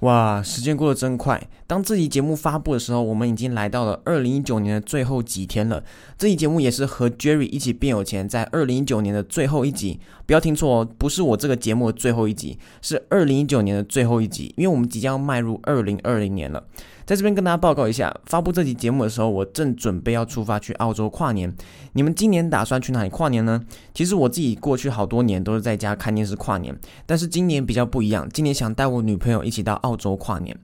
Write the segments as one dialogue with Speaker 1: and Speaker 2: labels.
Speaker 1: 哇，時間過得真快！當這集節目發佈的時候，我們已經來到了二零一九年的最後幾天了。這集節目也是和 Jerry 一起變有錢，在二零一九年的最後一集。不要聽錯哦，不是我這個節目的最後一集，是二零一九年的最後一集，因為我們即將要邁入二零二零年了。在這邊跟大家報告一下，發佈這期節目的時候，我正準備要出發去澳洲跨年。你們今年打算去哪裡跨年呢？其實我自己過去好多年都是在家看電視跨年，但是今年比較不一樣，今年想帶我女朋友一起到澳洲跨年。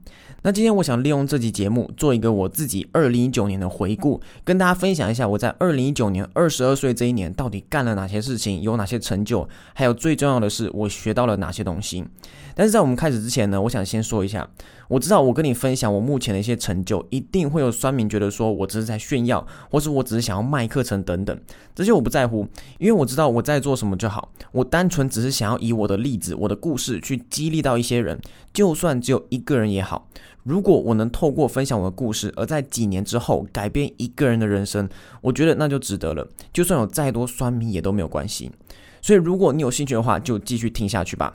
Speaker 1: 那今天我想利用這期節目做一個我自己2019年的回顧，跟大家分享一下我在2019年22歲這一年到底幹了哪些事情，有哪些成就，還有最重要的是我學到了哪些東西。但是在我們開始之前呢，我想先說一下，我知道我跟你分享我目前。的一些成就，一定會有酸民覺得說我只是在炫耀，或是我只是想要賣課程等等，這些我不在乎，因為我知道我在做什麼就好。我單純只是想要以我的例子、我的故事去激勵到一些人，就算只有一個人也好。如果我能透過分享我的故事，而在幾年之後改變一個人的人生，我覺得那就值得了。就算有再多酸民也都沒有關係。所以，如果你有興趣的話，就繼續聽下去吧。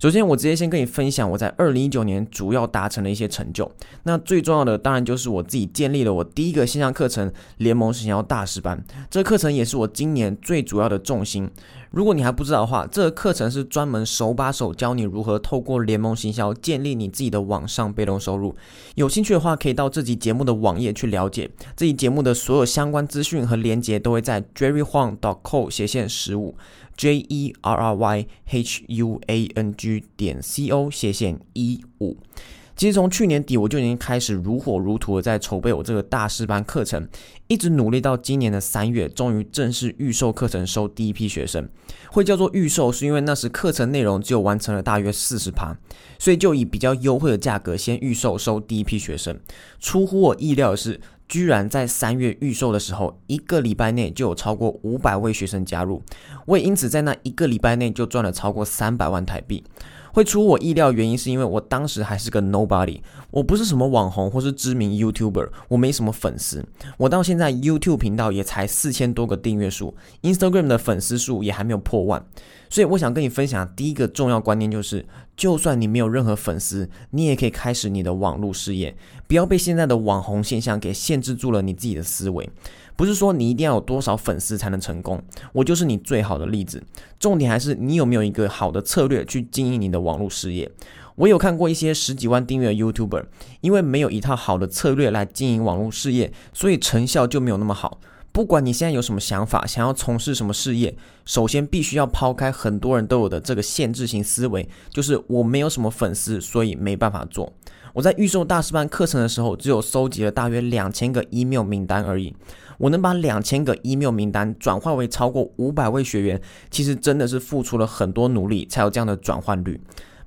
Speaker 1: 首先，我直接先跟你分享我在二零一九年主要達成的一些成就。那最重要的當然就是我自己建立了我第一個線上課程，聯盟行銷大師班，這課程也是我今年最主要的重心。如果你還不知道的話，這個課程是專門手把手教你如何透過聯盟行銷建立你自己的網上被動收入。有興趣的話，可以到這集節目的網頁去了解。這集節目的所有相關資訊和鏈接都會在 jerryhuang.co 斜線十五 j e r r y h u a n g 點 C O 斜線一五。其實從去年底我就已經開始如火如荼的在籌備我這個大師班課程，一直努力到今年的三月，終於正式預售課程，收第一批學生。會叫做預售，是因為那時課程內容就完成了大約四十趴，所以就以比較優惠的價格先預售收第一批學生。出乎我意料的是，居然在三月預售的時候，一個禮拜內就有超過五百位學生加入，我也因此在那一個禮拜內就賺了超過三百萬台幣。會出我意料原因是因為我當時還是個 nobody，我不是什麼網紅或是知名 YouTuber，我沒什麼粉絲，我到現在 YouTube 頻道也才四千多個訂閱數，Instagram 的粉絲數也還沒有破萬。所以我想跟你分享第一個重要觀念就是，就算你沒有任何粉絲，你也可以開始你的網絡事業。不要被現在的網紅現象給限制住了你自己的思維。不是說你一定要有多少粉絲才能成功，我就是你最好的例子。重點還是你有沒有一個好的策略去經營你的網絡事業。我有看過一些十幾萬訂閱的 YouTuber，因為沒有一套好的策略來經營網絡事業，所以成效就沒有那麼好。不管你現在有什麼想法，想要從事什麼事業，首先必須要拋開很多人都有的這個限制性思維，就是我沒有什麼粉絲，所以沒辦法做。我在預售大師班課程的時候，只有收集了大約兩千個 email 名單而已。我能把兩千個 email 名單轉化為超過五百位學員，其實真的是付出了很多努力才有這樣的轉換率。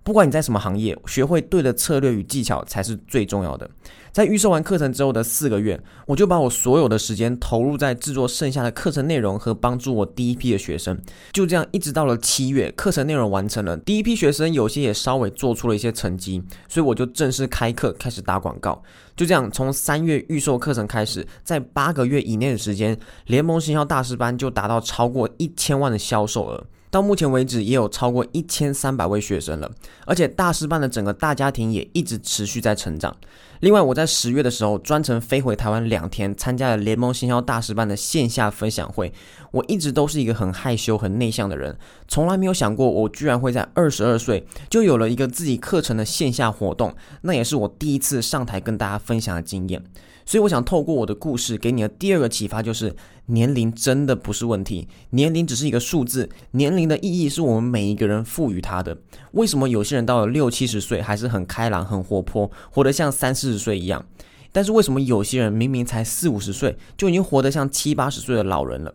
Speaker 1: 不管你在什麼行業，學會對的策略與技巧才是最重要的。在預售完課程之後的四個月，我就把我所有的時間投入在制作剩下的課程內容和幫助我第一批的學生。就這樣，一直到了七月，課程內容完成了，第一批學生有些也稍微做出了一些成績，所以我就正式開課，開始打廣告。就這樣，從三月預售課程開始，在八個月以內的時間，聯盟行銷大師班就達到超過一千萬的銷售額。到目前為止，也有超過一千三百位學生了，而且大師班的整個大家庭也一直持續在成長。另外，我在十月的時候專程飛回台灣兩天，參加了聯盟行銷大師班的線下分享會。我一直都是一個很害羞、很內向的人，從來沒有想過我居然會在二十二歲就有了一個自己課程的線下活動。那也是我第一次上台跟大家分享的經驗。所以，我想透過我的故事給你的第二個啟發就是：年齡真的不是問題，年齡只是一個數字，年齡的意義是我們每一個人賦予它的。為什麼有些人到了六七十歲還是很開朗、很活潑，活得像三四十歲一樣，但是為什麼有些人明明才四五十歲，就已經活得像七八十歲的老人了？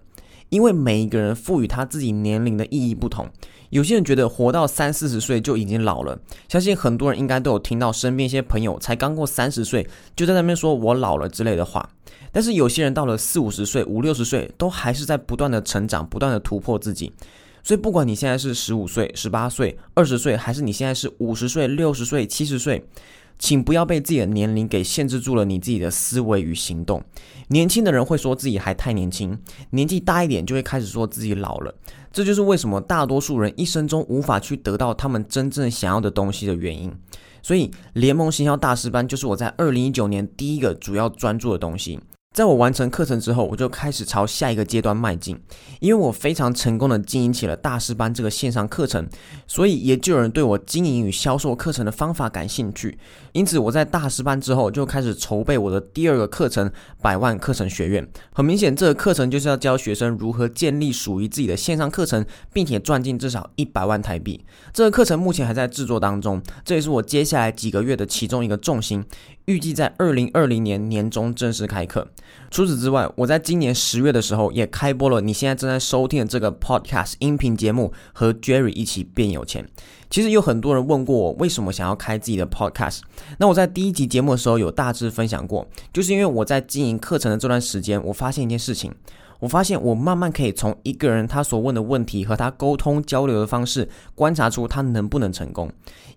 Speaker 1: 因為每一個人賦予他自己年齡的意義不同。有些人覺得活到三四十歲就已經老了，相信很多人應該都有聽到身邊一些朋友才剛過三十歲，就在那邊說我老了之類的話。但是有些人到了四五十歲、五六十歲，都還是在不斷的成長，不斷的突破自己。所以不管你現在是十五歲、十八歲、二十歲，還是你現在是五十歲、六十歲、七十歲，請不要被自己的年齡給限制住了，你自己的思維與行動。年輕的人會說自己還太年輕，年紀大一點就會開始說自己老了。這就是為什麼大多數人一生中無法去得到他們真正想要的東西的原因。所以，聯盟行銷大師班就是我在2019年第一個主要專注的東西。在我完成課程之後，我就開始朝下一個階段邁進，因為我非常成功地經營起了大師班這個線上課程，所以也就有人對我經營與銷售課程的方法感興趣。因此，我在大師班之後就開始籌備我的第二個課程——百萬課程學院。很明顯，這個課程就是要教學生如何建立屬於自己的線上課程，並且賺進至少一百萬台幣。這個課程目前還在製作當中，這也是我接下來幾個月的其中一個重心，預計在二零二零年年中正式開課。除此之外，我在今年十月的時候也開播了你現在正在收聽的這個 Podcast 音頻節目，和 Jerry 一起變有錢。其實有很多人問過我，為什麼想要開自己的 Podcast？那我在第一集節目的時候有大致分享過，就是因為我在經營課程的這段時間，我發現一件事情。我發現，我慢慢可以從一個人他所問的問題和他溝通交流的方式，觀察出他能不能成功。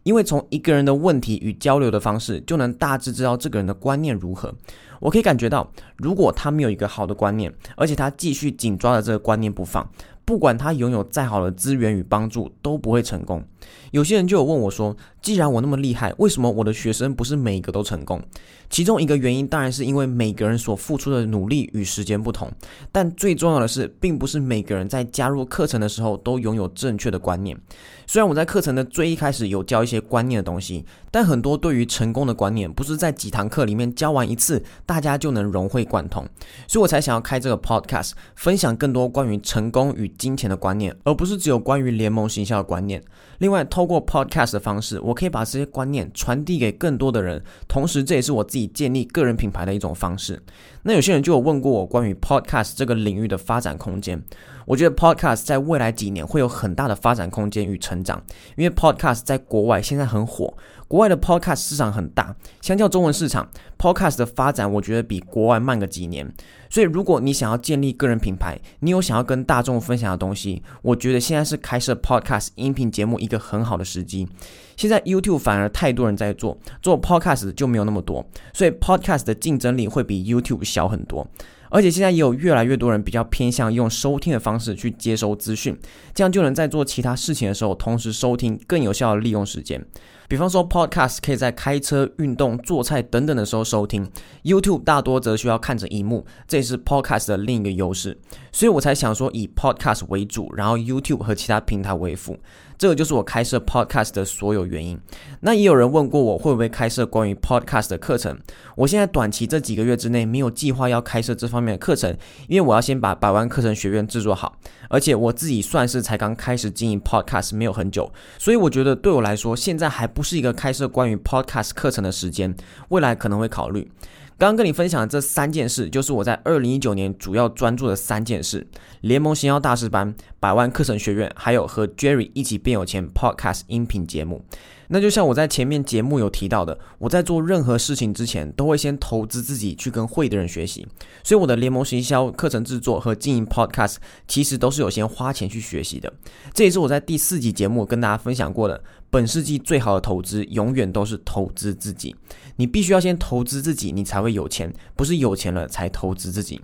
Speaker 1: 因為從一個人的問題與交流的方式，就能大致知道這個人的觀念如何。我可以感覺到，如果他沒有一個好的觀念，而且他繼續緊抓着這個觀念不放。不管他擁有再好的資源與幫助，都不會成功。有些人就有問我說：“既然我那麼厲害，為什麼我的學生不是每一個都成功？”其中一個原因當然是因為每個人所付出的努力與時間不同，但最重要的是，並不是每個人在加入課程的時候都擁有正確的觀念。雖然我在課程的最一開始有教一些觀念的東西，但很多對於成功的觀念，不是在幾堂課裡面教完一次，大家就能融會貫通。所以我才想要開這個 Podcast，分享更多關於成功與。金錢的觀念，而不是只有關於聯盟行銷的觀念。另外，透過 Podcast 的方式，我可以把這些觀念傳遞給更多的人，同時這也是我自己建立個人品牌的一種方式。那有些人就有問過我關於 Podcast 這個領域的發展空間。我覺得 Podcast 在未來幾年會有很大的發展空間與成長，因為 Podcast 在國外現在很火。國外的 Podcast 市場很大，相較中文市場，Podcast 的發展我覺得比國外慢個幾年。所以，如果你想要建立個人品牌，你有想要跟大眾分享的東西，我覺得現在是開設 Podcast 音頻節目一個很好的時機。現在 YouTube 反而太多人在做，做 Podcast 就沒有那麼多，所以 Podcast 的競爭力會比 YouTube 小很多。而且現在也有越來越多人比較偏向用收聽的方式去接收資訊，這樣就能在做其他事情的時候同時收聽，更有效地利用時間。比方說，podcast 可以在開車、運動、做菜等等的時候收聽；YouTube 大多則需要看着熒幕，這也是 podcast 的另一個優勢。所以我才想說以 podcast 為主，然後 YouTube 和其他平台為輔。這個就是我開設 podcast 的所有原因。那也有人問過我會不會開設關於 podcast 的課程。我現在短期這幾個月之內沒有計劃要開設這方面的課程，因為我要先把百萬課程學院制作好，而且我自己算是才剛開始經營 podcast 沒有很久，所以我覺得對我來說現在還。不是一個開設關於 Podcast 課程的時間，未來可能會考慮。剛剛跟你分享的這三件事，就是我在2019年主要專注的三件事：聯盟行銷大師班、百萬課程學院，還有和 Jerry 一起變有錢 Podcast 音頻節目。那就像我在前面節目有提到的，我在做任何事情之前，都會先投資自己去跟會的人學習。所以我的聯盟行銷課程制作和經營 Podcast，其實都是有先花錢去學習的。這也是我在第四集節目跟大家分享過的：本世紀最好的投資，永遠都是投資自己。你必須要先投資自己，你才會有錢，不是有錢了才投資自己。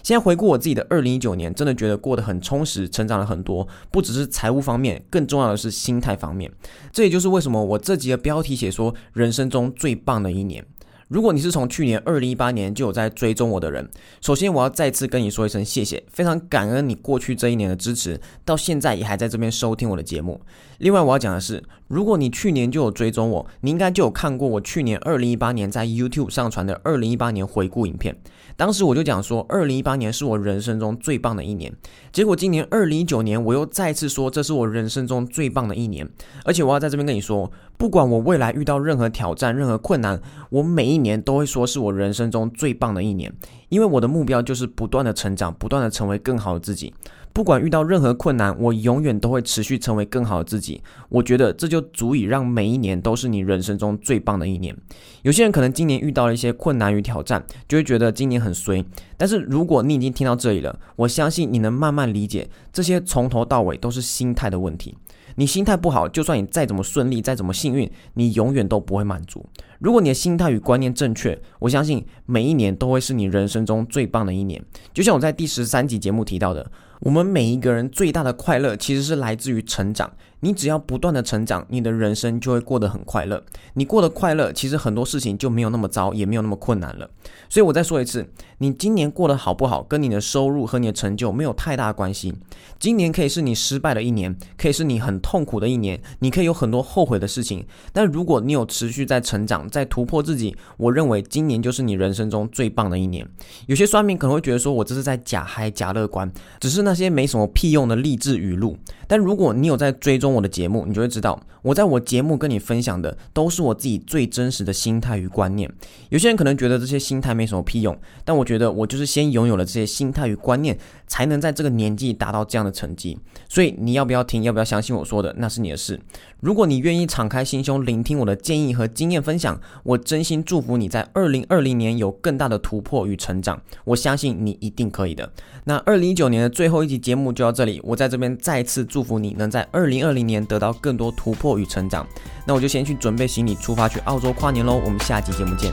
Speaker 1: 先回顧我自己的二零一九年，真的覺得過得很充實，成長了很多，不只是財務方面，更重要的是心態方面。這也就是為什麼我這集的標題寫說，人生中最棒的一年。如果你是從去年二零一八年就有在追蹤我的人，首先我要再次跟你說一聲謝謝，非常感恩你過去這一年的支持，到現在也還在這邊收聽我的節目。另外我要講的是，如果你去年就有追蹤我，你應該就有看過我去年二零一八年在 YouTube 上傳的二零一八年回顧影片。當時我就講說，二零一八年是我人生中最棒的一年。結果今年二零一九年，我又再次說這是我人生中最棒的一年。而且我要在這邊跟你說。不管我未來遇到任何挑戰、任何困難，我每一年都會說是我人生中最棒的一年，因為我的目標就是不斷地成長，不斷地成為更好的自己。不管遇到任何困難，我永遠都會持續成為更好的自己。我覺得這就足以讓每一年都是你人生中最棒的一年。有些人可能今年遇到了一些困難與挑戰，就會覺得今年很衰。但是如果你已經聽到這裡了，我相信你能慢慢理解，這些從頭到尾都是心態的問題。你心態不好，就算你再怎麼順利，再怎麼幸運，你永遠都不會滿足。如果你的心態與觀念正確，我相信每一年都會是你人生中最棒的一年。就像我在第十三集節目提到的，我們每一個人最大的快樂其實是來自於成長。你只要不斷的成長，你的人生就會過得很快樂。你過得快樂，其實很多事情就沒有那麼糟，也沒有那麼困難了。所以，我再說一次，你今年過得好不好，跟你的收入和你的成就沒有太大關係。今年可以是你失敗的一年，可以是你很痛苦的一年，你可以有很多後悔的事情。但如果你有持續在成長，在突破自己，我認為今年就是你人生中最棒的一年。有些酸民可能會覺得說，我這是在假嗨、假樂觀，只是那些沒什麼屁用的勵志語錄。但如果你有在追蹤我的節目，你就會知道，我在我節目跟你分享的都是我自己最真實的心態與觀念。有些人可能覺得這些心態沒什麼屁用，但我覺得我就是先擁有了這些心態與觀念，才能在這個年紀達到這樣的成績。所以你要不要聽，要不要相信我說的，那是你的事。如果你願意敞開心胸，聆聽我的建議和經驗分享，我真心祝福你在二零二零年有更大的突破與成長。我相信你一定可以的。那二零一九年的最後一期節目就到這裡，我在這邊再次祝。祝福你能在二零二零年得到更多突破與成長。那我就先去準備行李，出發去澳洲跨年嘍！我們下期節目見。